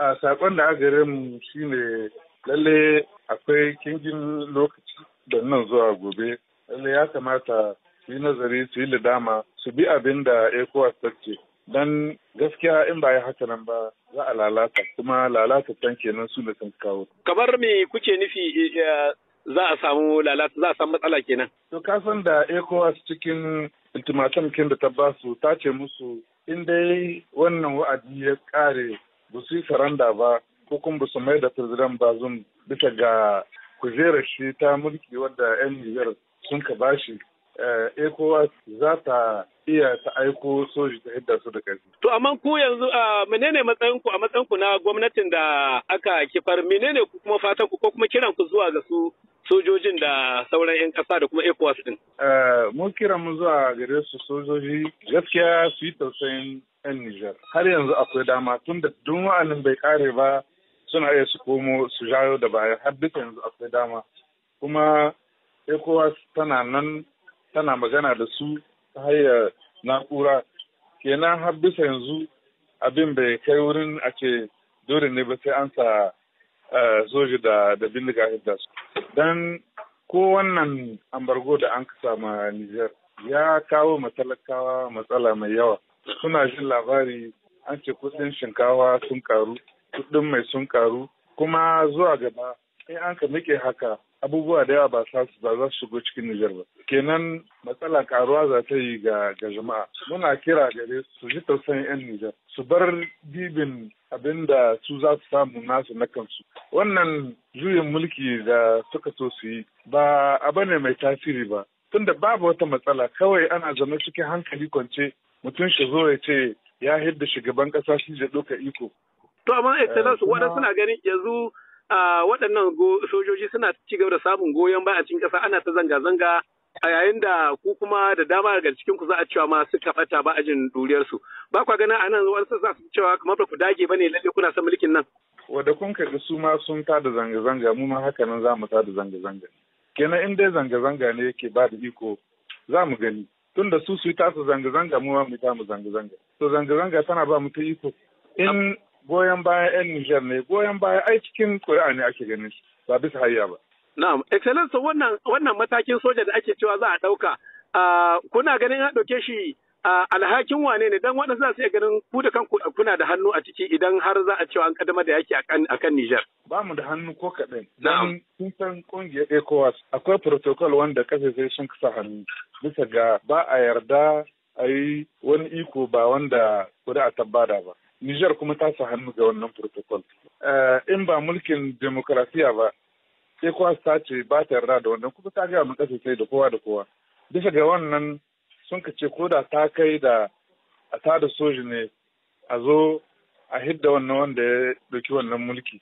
a sakon da aka gare mu shine lalle akwai kingin lokaci da nan zuwa gobe lalle ya kamata su yi nazari su yi lidama su bi abin da ecowas ta ce dan gaskiya in ba ya haka nan ba za a lalata kuma lalata can kenan su da sun kawo kamar me kuke nufi eh, eh, za a samu lalata za a samu matsala kenan to ka san da ecowas cikin intimatam kin da ta basu ta ce musu in dai wannan wa'adi ya kare saranda ba ko kuma ba su mai da president bazum bisa ga kujerar shi ta mulki wadda 'yan Nijar sun ka bashi eh, ECOWAS za ta iya ta aiko soji ta hidda su da kai. To amma ku yanzu menene matsayinku a matsayinku na gwamnatin da aka kifar menene ku kuma fatan ku ko kuma kiran ku zuwa ga su sojojin da sauran 'yan ƙasa da kuma ECOWAS din? Eh, Mun kira mu zuwa gare su sojoji gaskiya su yi tausayin 'yan Nijar. Har yanzu akwai dama tun da duk wa'anin bai kare ba suna iya su komo su jayo da baya har duk yanzu akwai dama. Kuma ECOWAS tana nan tana magana da su ta hanyar na'ura kenan har bisa yanzu abin bai kai wurin ake ce dole ne ba sai an sa soji da da bindiga hidda su dan ko wannan ambargo da an kasa ma Niger ya kawo matalakawa matsala mai yawa suna jin labari an ce kudin shinkawa sun karu kudin mai sun karu kuma zuwa gaba in an ka haka abubuwa da yawa ba za su shigo cikin Nijar ba. Kenan matsala karuwa za ta yi ga jama'a. Muna kira gare su ji tausayin 'yan Nijar. Su bar bibin abin da su za su samu nasu na kansu. Wannan juyin mulki da suka so su yi ba abu ne mai tasiri ba. Tunda babu wata matsala kawai ana zama cikin hankali kwance mutum shi zo ya ce ya hidda shugaban ƙasa shi da ɗauka iko. To amma excellence eh, waɗansu suna ganin yanzu waɗannan sojoji suna ci gaba da samun goyon baya a cikin ƙasa ana ta zanga-zanga a yayin da ku kuma da dama daga cikin ku za a cewa masu suka fata ba ajin su ba kwa gana anan wasu za su cewa kamar ba ku dage bane lalle kuna son mulkin nan wanda kun kaga su ma sun da zanga-zanga mu ma haka nan za mu ta da zanga-zanga kenan in dai zanga-zanga ne yake ba da iko za mu gani tunda su su yi su zanga-zanga mu ma mu ta mu zanga-zanga to zanga-zanga tana ba mu ta iko in goyon bayan 'yan Nijar ne goyon bayan ai cikin ƙuri'a ne ake ganin shi ba bisa hayya ba. Na'am, excellence wannan wannan matakin soja da ake cewa za a ɗauka kuna ganin a ɗauke shi alhakin wane ne dan waɗansu za su iya ganin ku da kanku kuna da hannu a ciki idan har za a cewa an kadama da yaki a kan Nijar. Ba mu da hannu ko kaɗai. Na'am. kun san ƙungiyar ECOWAS akwai protocol wanda sai sun kasa hannu bisa ga ba a yarda a yi wani iko ba wanda kuri'a tabbada ba. Nijar kuma ta sa hannu ga wannan protocol. Eh, in ba mulkin demokrasiya ba, sai kuwa ta ce ba ta yarda da wannan kuma ta gaya mun kasa sai da kowa da kowa. Bisa ga wannan sun ka ce ko da ta kai da a ta da soji ne a zo a hidda wannan wanda ya ɗauki wannan mulki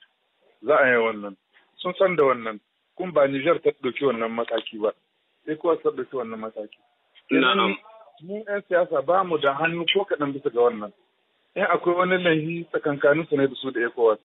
za a yi wannan. Sun san da wannan kun ba Nijar ta ɗauki wannan mataki ba. Sai kuwa ta ɗauki wannan mataki. Mu 'yan siyasa ba mu da hannu ko kaɗan bisa ga wannan. in eh, akwai wani laifi su ne da su da ECOWAS.